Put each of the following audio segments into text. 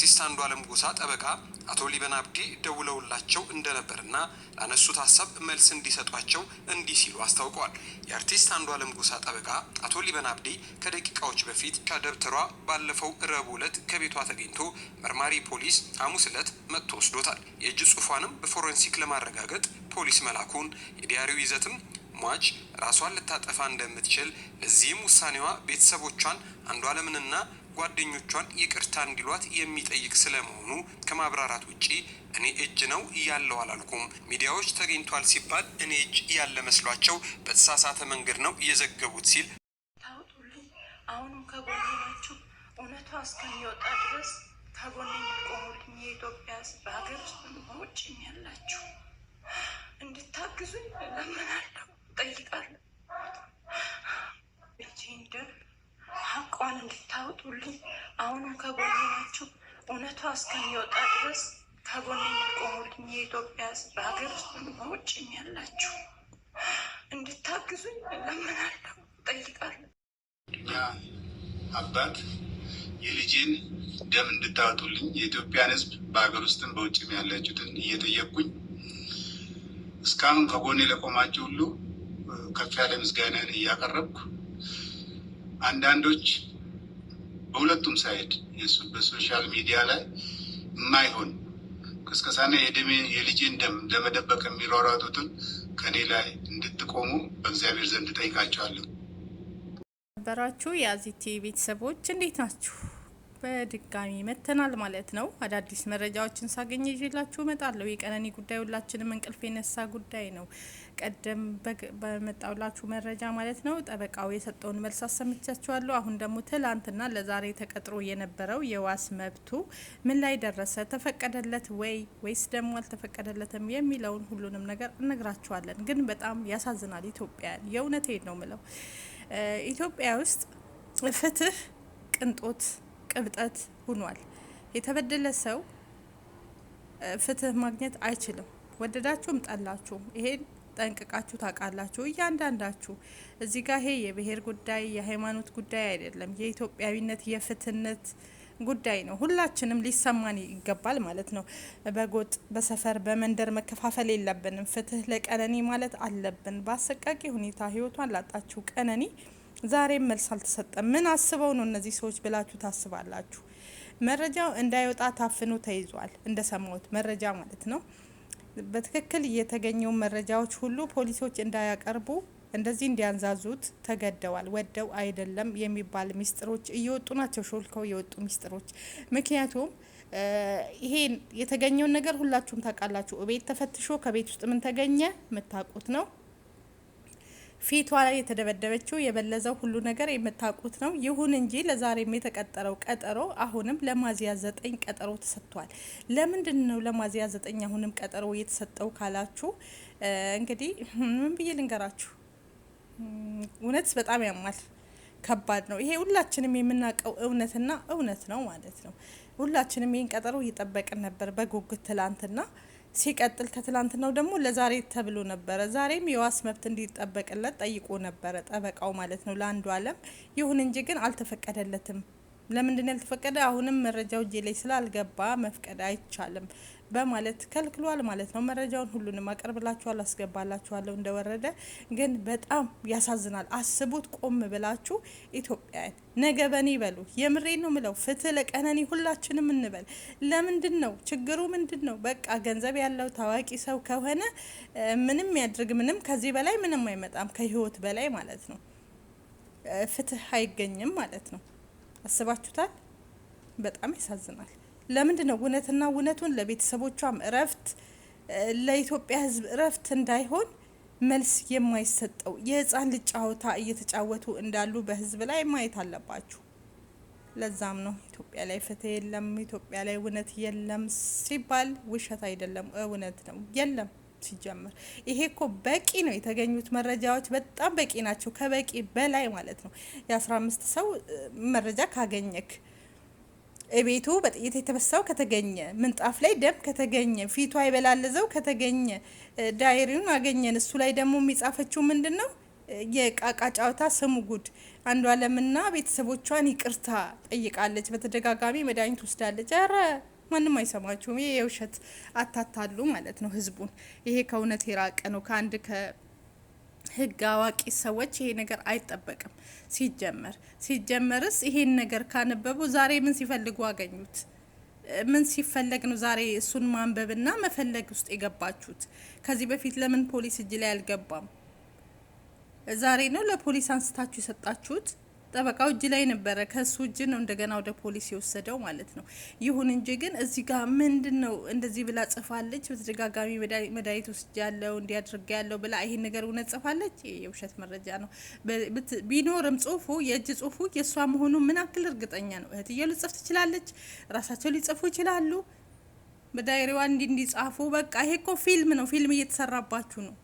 አርቲስት አለም ጎሳ ጠበቃ አቶ ሊበን አብዲ ደውለውላቸው እንደነበርና ላነሱት ሀሳብ መልስ እንዲሰጧቸው እንዲህ ሲሉ አስታውቀዋል። የአርቲስት አለም ጎሳ ጠበቃ አቶ ሊበን አብዲ ከደቂቃዎች በፊት ከደብተሯ ባለፈው ረቡዕ ዕለት ከቤቷ ተገኝቶ መርማሪ ፖሊስ ሐሙስ ዕለት መጥቶ ወስዶታል። የእጅ ጽሑፏንም በፎረንሲክ ለማረጋገጥ ፖሊስ መላኩን የዲያሪው ይዘትም ሟች ራሷን ልታጠፋ እንደምትችል ለዚህም ውሳኔዋ ቤተሰቦቿን አንዷለምንና ጓደኞቿን ይቅርታ እንዲሏት የሚጠይቅ ስለመሆኑ ከማብራራት ውጪ እኔ እጅ ነው ያለው አላልኩም። ሚዲያዎች ተገኝቷል ሲባል እኔ እጅ ያለ መስሏቸው በተሳሳተ መንገድ ነው የዘገቡት ሲል ታውጡልኝ። አሁንም ከጎኔ ናችሁ። እውነቷ እስከሚወጣ ድረስ ከጎኔ የሚቆሙልኝ የኢትዮጵያ ሕዝብ በሀገር ውስጥ ውጭም ያላችሁ እንድታግዙኝ እለምናለሁ፣ ጠይቃለሁ። ልጄን ደም ሀቋን እንድታወጡልኝ አሁንም ከጎኔ ናችሁ። እውነቷ እስከሚወጣ ድረስ ከጎን የሚቆሙልኝ የኢትዮጵያ ሕዝብ በሀገር ውስጥ በውጭም ያላችሁ እንድታግዙኝ እለምናለሁ፣ እጠይቃለሁ። አባት የልጄን ደም እንድታወጡልኝ የኢትዮጵያን ሕዝብ በሀገር ውስጥም በውጭም ያላችሁትን እየጠየቅኩኝ እስካሁን ከጎኔ ለቆማችሁ ሁሉ ከፍ ያለ ምስጋናን እያቀረብኩ አንዳንዶች በሁለቱም ሳይድ በሶሻል ሚዲያ ላይ የማይሆን ቅስቀሳና የደሜ የልጄን ደም ለመደበቅ የሚሯሯጡትን ከኔ ላይ እንድትቆሙ በእግዚአብሔር ዘንድ ጠይቃቸዋለሁ። ነበራችሁ የአዚቲ ቤተሰቦች እንዴት ናችሁ? በድጋሚ መተናል ማለት ነው። አዳዲስ መረጃዎችን ሳገኘ ይዤላችሁ እመጣለሁ። የቀነኒ ጉዳይ ሁላችንም እንቅልፍ የነሳ ጉዳይ ነው። ቀደም በመጣውላችሁ መረጃ ማለት ነው ጠበቃው የሰጠውን መልስ አሰምቻችኋለሁ። አሁን ደግሞ ትላንትና ለዛሬ ተቀጥሮ የነበረው የዋስ መብቱ ምን ላይ ደረሰ? ተፈቀደለት ወይ ወይስ ደግሞ አልተፈቀደለትም የሚለውን ሁሉንም ነገር እነግራችኋለን። ግን በጣም ያሳዝናል። ኢትዮጵያን ሄድ ነው ምለው ኢትዮጵያ ውስጥ ፍትህ ቅንጦት ቅብጠት ሁኗል። የተበደለ ሰው ፍትህ ማግኘት አይችልም። ወደዳችሁም ጠላችሁም ይሄን ጠንቅቃችሁ ታውቃላችሁ። እያንዳንዳችሁ እዚህ ጋር ይሄ የብሔር ጉዳይ የሃይማኖት ጉዳይ አይደለም፣ የኢትዮጵያዊነት የፍትህነት ጉዳይ ነው። ሁላችንም ሊሰማን ይገባል ማለት ነው። በጎጥ በሰፈር በመንደር መከፋፈል የለብንም። ፍትህ ለቀነኒ ማለት አለብን። በአሰቃቂ ሁኔታ ህይወቷን ላጣችው ቀነኒ ዛሬም መልስ አልተሰጠም። ምን አስበው ነው እነዚህ ሰዎች ብላችሁ ታስባላችሁ? መረጃው እንዳይወጣ ታፍኖ ተይዟል። እንደሰማሁት መረጃ ማለት ነው። በትክክል የተገኘው መረጃዎች ሁሉ ፖሊሶች እንዳያቀርቡ እንደዚህ እንዲያንዛዙት ተገደዋል። ወደው አይደለም የሚባል ሚስጥሮች እየወጡ ናቸው፣ ሾልከው የወጡ ሚስጥሮች። ምክንያቱም ይሄን የተገኘውን ነገር ሁላችሁም ታውቃላችሁ። ቤት ተፈትሾ ከቤት ውስጥ ምን ተገኘ የምታውቁት ነው። ፊቷ ላይ የተደበደበችው የበለዘው ሁሉ ነገር የምታውቁት ነው። ይሁን እንጂ ለዛሬም የተቀጠረው ቀጠሮ አሁንም ለማዝያ ዘጠኝ ቀጠሮ ተሰጥቷል። ለምንድን ነው ለማዝያ ዘጠኝ አሁንም ቀጠሮ የተሰጠው ካላችሁ እንግዲህ ምን ብዬ ልንገራችሁ፣ እውነት በጣም ያማል። ከባድ ነው። ይሄ ሁላችንም የምናውቀው እውነትና እውነት ነው ማለት ነው። ሁላችንም ይህን ቀጠሮ እየጠበቅን ነበር በጉጉት ትላንትና ሲቀጥል ነው ደግሞ ለዛሬ ተብሎ ነበረ። ዛሬም የዋስ መብት እንዲጠበቅለት ጠይቆ ነበረ ጠበቃው ማለት ነው ለአንዱ አለም። ይሁን እንጂ ግን አልተፈቀደለትም። ለምንድን ያልተፈቀደ? አሁንም መረጃው እጄ ላይ ስላልገባ መፍቀድ አይቻልም። በማለት ከልክሏል ማለት ነው። መረጃውን ሁሉንም አቀርብላችኋል፣ አስገባላችኋለሁ እንደወረደ። ግን በጣም ያሳዝናል። አስቡት፣ ቆም ብላችሁ ኢትዮጵያን ነገ በኔ ይበሉ። የምሬ ነው ምለው፣ ፍትህ ለቀነኒ ሁላችንም እንበል። ለምንድን ነው ችግሩ? ምንድን ነው? በቃ ገንዘብ ያለው ታዋቂ ሰው ከሆነ ምንም ያድርግ ምንም፣ ከዚህ በላይ ምንም አይመጣም፣ ከህይወት በላይ ማለት ነው። ፍትህ አይገኝም ማለት ነው። አስባችሁታል? በጣም ያሳዝናል። ለምንድን ነው እውነትና እውነቱን ለቤተሰቦቿም እረፍት ለኢትዮጵያ ህዝብ እረፍት እንዳይሆን መልስ የማይሰጠው የህፃን ልጅ ጨዋታ እየተጫወቱ እንዳሉ በህዝብ ላይ ማየት አለባችሁ። ለዛም ነው ኢትዮጵያ ላይ ፍትህ የለም፣ ኢትዮጵያ ላይ እውነት የለም ሲባል ውሸት አይደለም፣ እውነት ነው። የለም ሲጀምር ይሄ እኮ በቂ ነው። የተገኙት መረጃዎች በጣም በቂ ናቸው፣ ከበቂ በላይ ማለት ነው። የአስራ አምስት ሰው መረጃ ካገኘክ ቤቱ በጥይት የተበሳው ከተገኘ ምንጣፍ ላይ ደም ከተገኘ ፊቷ የበላለዘው ከተገኘ ዳይሪውን አገኘን። እሱ ላይ ደግሞ የሚጻፈችው ምንድን ነው? የቃቃ ጫወታ ስሙ ጉድ። አንዷለምና ቤተሰቦቿን ይቅርታ ጠይቃለች። በተደጋጋሚ መድኃኒት ወስዳለች። ኧረ ማንም አይሰማችሁም። ይሄ የውሸት አታታሉ ማለት ነው ህዝቡን። ይሄ ከእውነት የራቀ ነው። ከአንድ ከ ህግ አዋቂ ሰዎች ይሄ ነገር አይጠበቅም። ሲጀመር ሲጀመርስ ይሄን ነገር ካነበቡ ዛሬ ምን ሲፈልጉ አገኙት? ምን ሲፈለግ ነው ዛሬ እሱን ማንበብና መፈለግ ውስጥ የገባችሁት? ከዚህ በፊት ለምን ፖሊስ እጅ ላይ አልገባም? ዛሬ ነው ለፖሊስ አንስታችሁ የሰጣችሁት? ጠበቃው እጅ ላይ ነበረ። ከሱ እጅ ነው እንደገና ወደ ፖሊስ የወሰደው ማለት ነው። ይሁን እንጂ ግን እዚህ ጋር ምንድን ነው እንደዚህ ብላ ጽፋለች። በተደጋጋሚ መድኃኒት ውስጥ ያለው እንዲያድርግ ያለው ብላ ይሄን ነገር እውነት ጽፋለች። የውሸት መረጃ ነው ቢኖርም ጽሁፉ የእጅ ጽሁፉ የእሷ መሆኑ ምን አክል እርግጠኛ ነው? እህትየው ልጽፍ ትችላለች። ራሳቸው ሊጽፉ ይችላሉ። በዳይሪዋ እንዲ እንዲጻፉ በቃ ይሄ እኮ ፊልም ነው። ፊልም እየተሰራባችሁ ነው።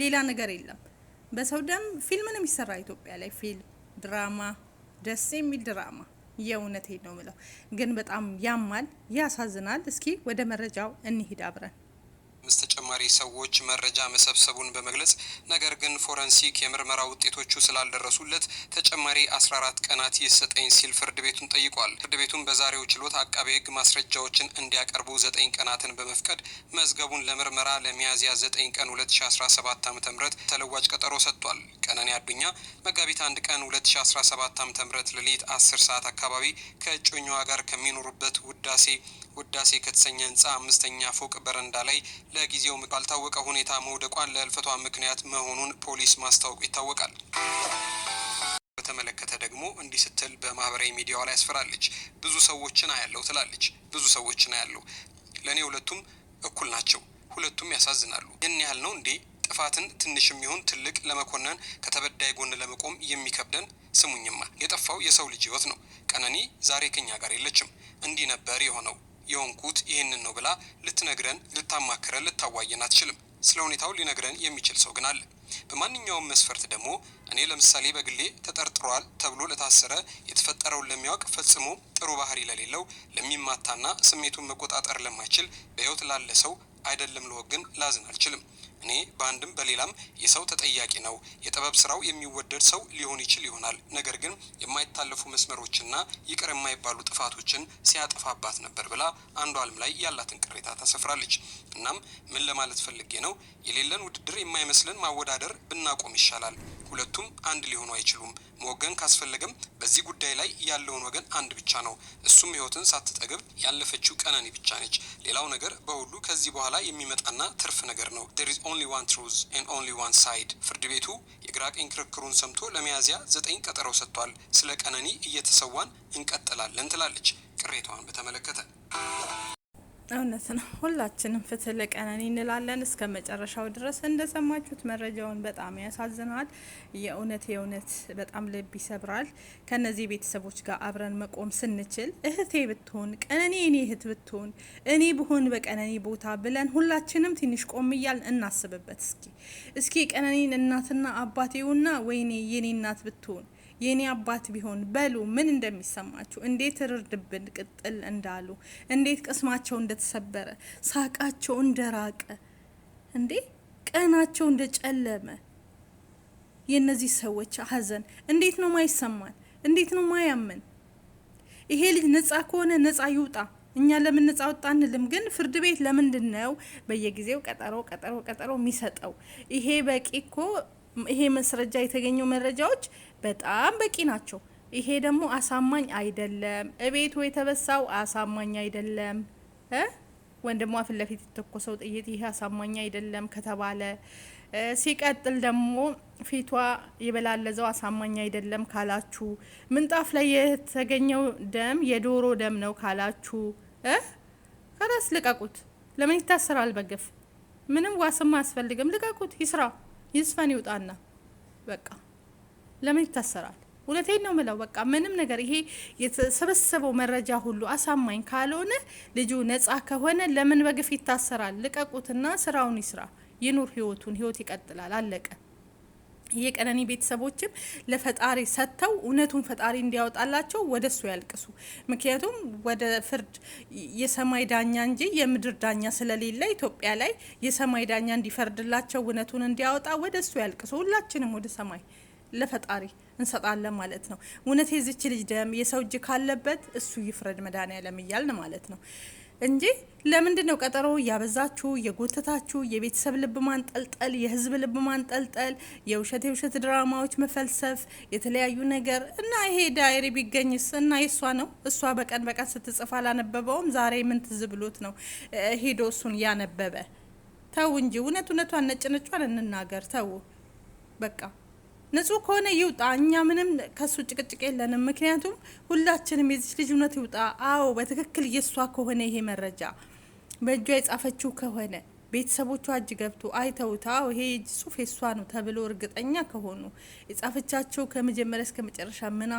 ሌላ ነገር የለም። በሰው ደም ፊልም ነው የሚሰራ ኢትዮጵያ ላይ ፊልም ድራማ ደስ የሚል ድራማ የእውነቴ ነው ምለው፣ ግን በጣም ያማል፣ ያሳዝናል። እስኪ ወደ መረጃው እንሂድ አብረን ተጨማሪ ሰዎች መረጃ መሰብሰቡን በመግለጽ ነገር ግን ፎረንሲክ የምርመራ ውጤቶቹ ስላልደረሱለት ተጨማሪ 14 ቀናት ይሰጠኝ ሲል ፍርድ ቤቱን ጠይቋል። ፍርድ ቤቱም በዛሬው ችሎት አቃቤ ሕግ ማስረጃዎችን እንዲያቀርቡ ዘጠኝ ቀናትን በመፍቀድ መዝገቡን ለምርመራ ለሚያዝያ 9 ቀን 2017 ዓ ም ተለዋጭ ቀጠሮ ሰጥቷል። ቀነኒ አዱኛ መጋቢት 1 ቀን 2017 ዓ ም ሌሊት 10 ሰዓት አካባቢ ከእጮኛዋ ጋር ከሚኖሩበት ውዳሴ ውዳሴ ከተሰኘ ህንፃ አምስተኛ ፎቅ በረንዳ ላይ ለጊዜው ቦምብ ባልታወቀ ሁኔታ መውደቋን ለህልፈቷ ምክንያት መሆኑን ፖሊስ ማስታወቁ ይታወቃል። በተመለከተ ደግሞ እንዲህ ስትል በማህበራዊ ሚዲያዋ ላይ ያስፈራለች። ብዙ ሰዎችን አያለው ትላለች። ብዙ ሰዎችን አያለው፣ ለእኔ ሁለቱም እኩል ናቸው፣ ሁለቱም ያሳዝናሉ። ይህን ያህል ነው እንዴ? ጥፋትን ትንሽም የሚሆን ትልቅ ለመኮነን ከተበዳይ ጎን ለመቆም የሚከብደን። ስሙኝማ፣ የጠፋው የሰው ልጅ ህይወት ነው። ቀነኒ ዛሬ ከኛ ጋር የለችም። እንዲህ ነበር የሆነው። የሆንኩት ይህንን ነው ብላ ልትነግረን፣ ልታማክረን፣ ልታዋየን አትችልም። ስለ ሁኔታው ሊነግረን የሚችል ሰው ግን አለ። በማንኛውም መስፈርት ደግሞ እኔ ለምሳሌ በግሌ ተጠርጥሯል ተብሎ ለታሰረ የተፈጠረውን ለሚያውቅ ፈጽሞ ጥሩ ባህሪ ለሌለው ለሚማታና ስሜቱን መቆጣጠር ለማይችል በህይወት ላለ ሰው አይደለም ለወግን ላዝን አልችልም። እኔ በአንድም በሌላም የሰው ተጠያቂ ነው። የጥበብ ስራው የሚወደድ ሰው ሊሆን ይችል ይሆናል። ነገር ግን የማይታለፉ መስመሮችና ይቅር የማይባሉ ጥፋቶችን ሲያጠፋባት ነበር ብላ አንዱ አለም ላይ ያላትን ቅሬታ ታሰፍራለች። እናም ምን ለማለት ፈልጌ ነው? የሌለን ውድድር የማይመስልን ማወዳደር ብናቆም ይሻላል። ሁለቱም አንድ ሊሆኑ አይችሉም። መወገን ካስፈለገም በዚህ ጉዳይ ላይ ያለውን ወገን አንድ ብቻ ነው። እሱም ህይወትን ሳትጠግብ ያለፈችው ቀነኒ ብቻ ነች። ሌላው ነገር በሁሉ ከዚህ በኋላ የሚመጣና ትርፍ ነገር ነው። ዴር ኢዝ ኦንሊ ዋን ትሩዝ ኦንሊ ዋን ሳይድ። ፍርድ ቤቱ የግራ ቀኝ ክርክሩን ሰምቶ ለሚያዝያ ዘጠኝ ቀጠሮ ሰጥቷል። ስለ ቀነኒ እየተሰዋን እንቀጥላለን ትላለች ቅሬታዋን በተመለከተ እውነት ነው። ሁላችንም ፍትህ ለቀነኒ እንላለን እስከ መጨረሻው ድረስ። እንደሰማችሁት መረጃውን በጣም ያሳዝናል። የእውነት የእውነት በጣም ልብ ይሰብራል። ከነዚህ ቤተሰቦች ጋር አብረን መቆም ስንችል እህቴ ብትሆን ቀነኒ እኔ እህት ብትሆን እኔ ብሆን በቀነኒ ቦታ ብለን ሁላችንም ትንሽ ቆም እያልን እናስብበት። እስኪ እስኪ ቀነኒን እናትና አባቴውና ወይኔ የኔ እናት ብትሆን የኔ አባት ቢሆን በሉ ምን እንደሚሰማችሁ፣ እንዴት ርድብን ቅጥል እንዳሉ፣ እንዴት ቅስማቸው እንደተሰበረ፣ ሳቃቸው እንደራቀ፣ እንዴ ቀናቸው እንደጨለመ የእነዚህ ሰዎች ሀዘን እንዴት ነው ማይሰማን? እንዴት ነው ማያምን? ይሄ ልጅ ነጻ ከሆነ ነጻ ይውጣ። እኛ ለምን ነጻ ወጣ አንልም፣ ግን ፍርድ ቤት ለምንድን ነው በየጊዜው ቀጠሮ ቀጠሮ ቀጠሮ የሚሰጠው? ይሄ በቂ እኮ ይሄ መስረጃ የተገኘው መረጃዎች በጣም በቂ ናቸው። ይሄ ደግሞ አሳማኝ አይደለም። እቤቱ የተበሳው አሳማኝ አይደለም። ወንድሟ ፊት ለፊት የተኮሰው ጥይት ይሄ አሳማኝ አይደለም ከተባለ ሲቀጥል ደግሞ ፊቷ የበላለዘው አሳማኝ አይደለም ካላችሁ፣ ምንጣፍ ላይ የተገኘው ደም የዶሮ ደም ነው ካላችሁ ከራስ ልቀቁት። ለምን ይታሰራል በግፍ? ምንም ዋስም አያስፈልግም። ልቀቁት ይስራ። ይዝፈን ይውጣና በቃ ለምን ይታሰራል? ሁለቴን ነው ምለው። በቃ ምንም ነገር ይሄ የተሰበሰበው መረጃ ሁሉ አሳማኝ ካልሆነ ልጁ ነጻ ከሆነ ለምን በግፍ ይታሰራል? ልቀቁትና ስራውን ይስራ፣ ይኑር ህይወቱን። ህይወት ይቀጥላል። አለቀ። የቀነኒ ቤተሰቦችም ለፈጣሪ ሰጥተው እውነቱን ፈጣሪ እንዲያወጣላቸው ወደ እሱ ያልቅሱ። ምክንያቱም ወደ ፍርድ የሰማይ ዳኛ እንጂ የምድር ዳኛ ስለሌለ ኢትዮጵያ ላይ የሰማይ ዳኛ እንዲፈርድላቸው እውነቱን እንዲያወጣ ወደ እሱ ያልቅሱ። ሁላችንም ወደ ሰማይ ለፈጣሪ እንሰጣለን ማለት ነው። እውነት የዚች ልጅ ደም የሰው እጅ ካለበት እሱ ይፍረድ መድኃኔዓለም እያልን ማለት ነው። እንጂ ለምንድን ነው ቀጠሮ እያበዛችሁ የጎተታችሁ? የቤተሰብ ልብ ማንጠልጠል፣ የህዝብ ልብ ማንጠልጠል፣ የውሸት የውሸት ድራማዎች መፈልሰፍ፣ የተለያዩ ነገር እና ይሄ ዳይሪ ቢገኝስ እና የእሷ ነው። እሷ በቀን በቀን ስትጽፍ አላነበበውም። ዛሬ ምን ትዝ ብሎት ነው ሄዶ እሱን ያነበበ? ተው እንጂ እውነት እውነቷን ነጭ ነጯን እንናገር። ተው በቃ። ንጹህ ከሆነ ይውጣ። እኛ ምንም ከሱ ጭቅጭቅ የለንም። ምክንያቱም ሁላችንም የዚች ልጅ እውነት ይውጣ። አዎ በትክክል እየሷ ከሆነ ይሄ መረጃ በእጇ የጻፈችው ከሆነ ቤተሰቦቿ እጅ ገብቶ አይተውታ ይሄ የእጅ ጽሁፍ የሷ ነው ተብሎ እርግጠኛ ከሆኑ የጻፈቻቸው ከመጀመሪያ እስከ መጨረሻ ምን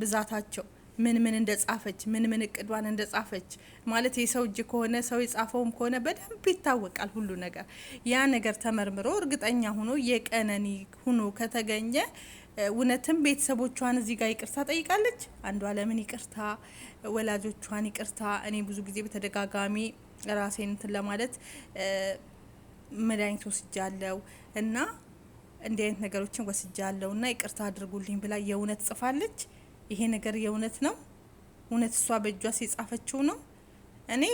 ብዛታቸው ምን ምን እንደ ጻፈች ምን ምን እቅዷን እንደ ጻፈች ማለት የሰው እጅ ከሆነ ሰው የጻፈውም ከሆነ በደንብ ይታወቃል ሁሉ ነገር። ያ ነገር ተመርምሮ እርግጠኛ ሆኖ የቀነኒ ሆኖ ከተገኘ እውነትም ቤተሰቦቿን እዚህ ጋር ይቅርታ ጠይቃለች። አንዷ ለምን ይቅርታ፣ ወላጆቿን ይቅርታ። እኔ ብዙ ጊዜ በተደጋጋሚ ራሴን እንትን ለማለት መድኃኒት ወስጃለው እና እንዲህ አይነት ነገሮችን ወስጃለው እና ይቅርታ አድርጉልኝ ብላ የእውነት ጽፋለች። ይሄ ነገር የእውነት ነው? እውነት እሷ በእጇ ሲጻፈችው ነው? እኔ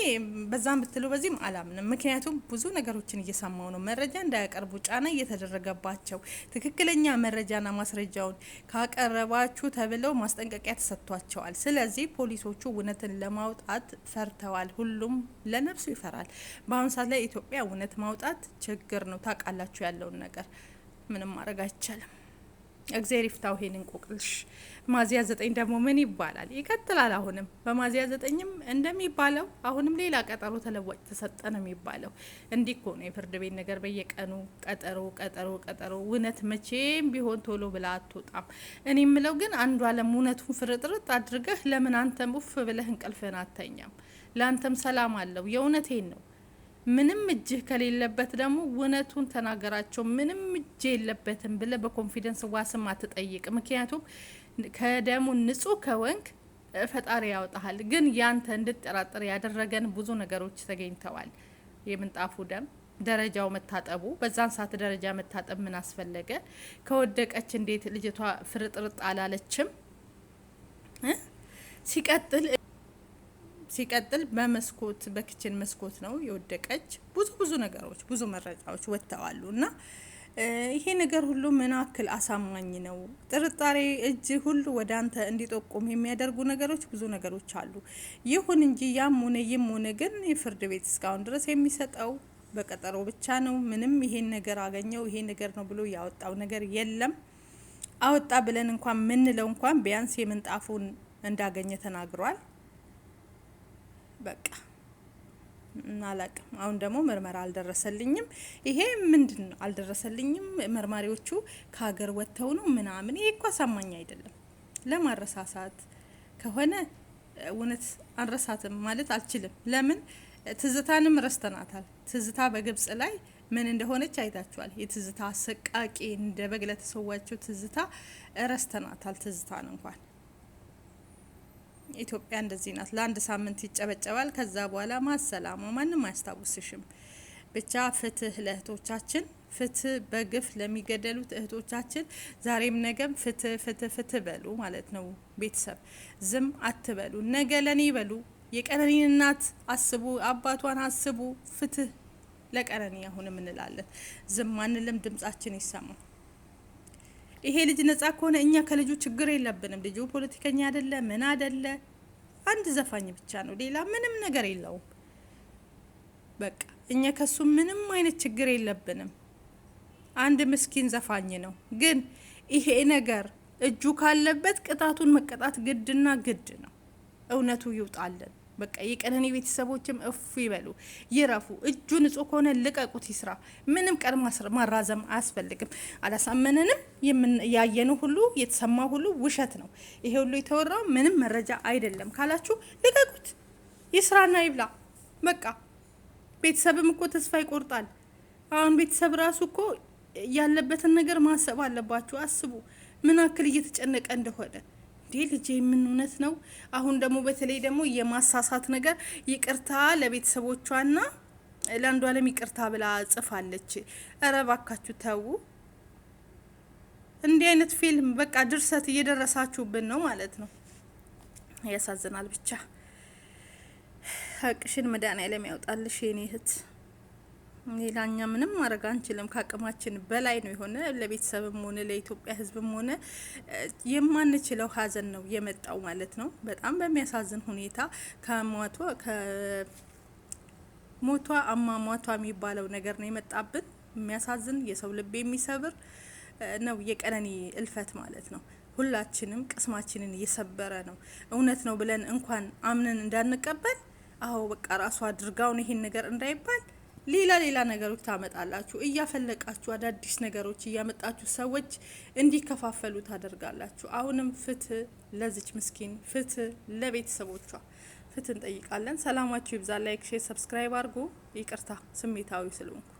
በዛም ብትሉ በዚህም አላምንም። ምክንያቱም ብዙ ነገሮችን እየሰማው ነው። መረጃ እንዳያቀርቡ ጫና እየተደረገባቸው፣ ትክክለኛ መረጃና ማስረጃውን ካቀረባችሁ ተብለው ማስጠንቀቂያ ተሰጥቷቸዋል። ስለዚህ ፖሊሶቹ እውነትን ለማውጣት ፈርተዋል። ሁሉም ለነፍሱ ይፈራል። በአሁኑ ሰዓት ላይ ኢትዮጵያ እውነት ማውጣት ችግር ነው። ታውቃላችሁ ያለውን ነገር ምንም ማድረግ አይቻልም። እግዚአብሔር ይፍታው ይሄን እንቆቅልሽ። ማዚያ ዘጠኝ ደግሞ ምን ይባላል? ይቀጥላል። አሁንም በማዚያ ዘጠኝም እንደሚባለው አሁንም ሌላ ቀጠሮ ተለዋጭ ተሰጠ ነው የሚባለው። እንዲህ እኮ የፍርድ ቤት ነገር በየቀኑ ቀጠሮ ቀጠሮ ቀጠሮ። እውነት መቼም ቢሆን ቶሎ ብላ አትወጣም። እኔ የምለው ግን አንዱ አለም እውነቱን ፍርጥርጥ አድርገህ ለምን አንተም ኡፍ ብለህ እንቅልፍህን አተኛም? ለአንተም ሰላም አለው። የእውነቴን ነው ምንም እጅህ ከሌለበት ደግሞ እውነቱን ተናገራቸው። ምንም እጅ የለበትም ብለ በኮንፊደንስ ዋስም አትጠይቅ። ምክንያቱም ከደሙ ንጹህ ከወንክ ፈጣሪ ያወጣሃል። ግን ያንተ እንድጠራጠር ያደረገን ብዙ ነገሮች ተገኝተዋል። የምንጣፉ ደም ደረጃው መታጠቡ በዛን ሰዓት ደረጃ መታጠብ ምን አስፈለገ? ከወደቀች እንዴት ልጅቷ ፍርጥርጥ አላለችም? ሲቀጥል ሲቀጥል በመስኮት በክችን መስኮት ነው የወደቀች። ብዙ ብዙ ነገሮች ብዙ መረጃዎች ወጥተዋሉ እና ይሄ ነገር ሁሉ ምን አክል አሳማኝ ነው? ጥርጣሬ እጅ ሁሉ ወደ አንተ እንዲጠቁም የሚያደርጉ ነገሮች ብዙ ነገሮች አሉ። ይሁን እንጂ ያም ሆነ ይም ሆነ ግን የፍርድ ቤት እስካሁን ድረስ የሚሰጠው በቀጠሮ ብቻ ነው። ምንም ይሄን ነገር አገኘው ይሄ ነገር ነው ብሎ ያወጣው ነገር የለም። አወጣ ብለን እንኳን ምንለው እንኳን ቢያንስ የምንጣፉን እንዳገኘ ተናግሯል። በቃ አላቅም። አሁን ደግሞ ምርመራ አልደረሰልኝም። ይሄ ምንድን ነው? አልደረሰልኝም። መርማሪዎቹ ከሀገር ወጥተው ነው ምናምን። ይሄ እኮ አሳማኝ አይደለም። ለማረሳሳት ከሆነ እውነት አንረሳትም ማለት አልችልም። ለምን ትዝታንም ረስተናታል። ትዝታ በግብጽ ላይ ምን እንደሆነች አይታችኋል። የትዝታ አሰቃቂ እንደ በግ ለተሰዋቸው ትዝታ ረስተናታል። ትዝታን እንኳን ኢትዮጵያ እንደዚህ ናት። ለአንድ ሳምንት ይጨበጨባል። ከዛ በኋላ ማሰላሙ ማንም አያስታውስሽም። ብቻ ፍትህ ለእህቶቻችን፣ ፍትህ በግፍ ለሚገደሉት እህቶቻችን። ዛሬም ነገም ፍትህ ፍትህ ፍትህ በሉ ማለት ነው። ቤተሰብ ዝም አትበሉ። ነገ ለኔ በሉ። የቀነኒን እናት አስቡ፣ አባቷን አስቡ። ፍትህ ለቀነኒ አሁንም እንላለን። ዝም አንልም። ድምጻችን ይሰማል። ይሄ ልጅ ነጻ ከሆነ እኛ ከልጁ ችግር የለብንም። ልጁ ፖለቲከኛ አይደለ ምን አይደለ፣ አንድ ዘፋኝ ብቻ ነው፣ ሌላ ምንም ነገር የለውም። በቃ እኛ ከሱ ምንም አይነት ችግር የለብንም። አንድ ምስኪን ዘፋኝ ነው። ግን ይሄ ነገር እጁ ካለበት ቅጣቱን መቀጣት ግድና ግድ ነው። እውነቱ ይውጣለን። በቃ የቀነኔ ቤተሰቦችም እፉ ይበሉ፣ ይረፉ። እጁ ንጹህ ከሆነ ልቀቁት ይስራ። ምንም ቀን ማራዘም አያስፈልግም። አላሳመነንም። ያየኑ ሁሉ የተሰማ ሁሉ ውሸት ነው። ይሄ ሁሉ የተወራው ምንም መረጃ አይደለም ካላችሁ ልቀቁት፣ ይስራና ይብላ። በቃ ቤተሰብም እኮ ተስፋ ይቆርጣል። አሁን ቤተሰብ ራሱ እኮ ያለበትን ነገር ማሰብ አለባችሁ። አስቡ ምን አክል እየተጨነቀ እንደሆነ እንዴ ልጄ የምን እውነት ነው? አሁን ደግሞ በተለይ ደግሞ የማሳሳት ነገር ይቅርታ ለቤተሰቦቿና ለአንዱ አለም ይቅርታ ብላ ጽፋለች። እረ ባካችሁ ተዉ። እንዲህ አይነት ፊልም በቃ ድርሰት እየደረሳችሁብን ነው ማለት ነው። ያሳዝናል። ብቻ ሀቅሽን መድኃኔዓለም ያውጣልሽ የኔ እህት። ሌላኛ ምንም ማድረግ አንችልም። ከአቅማችን በላይ ነው የሆነ ለቤተሰብም ሆነ ለኢትዮጵያ ሕዝብም ሆነ የማንችለው ሀዘን ነው የመጣው ማለት ነው። በጣም በሚያሳዝን ሁኔታ ከሟቷ ከሞቷ አሟሟቷ የሚባለው ነገር ነው የመጣብን። የሚያሳዝን የሰው ልብ የሚሰብር ነው የቀነኒ እልፈት ማለት ነው። ሁላችንም ቅስማችንን እየሰበረ ነው። እውነት ነው ብለን እንኳን አምነን እንዳንቀበል አሁ በቃ ራሷ አድርጋውን ይሄን ነገር እንዳይባል ሌላ ሌላ ነገሮች ታመጣላችሁ። እያፈለቃችሁ አዳዲስ ነገሮች እያመጣችሁ ሰዎች እንዲከፋፈሉ ታደርጋላችሁ። አሁንም ፍትህ ለዚች ምስኪን፣ ፍትህ ለቤተሰቦቿ ፍትህ እንጠይቃለን። ሰላማችሁ ይብዛ። ላይክ፣ ሼር፣ ሰብስክራይብ አድርጉ። ይቅርታ ስሜታዊ ስለሆንኩ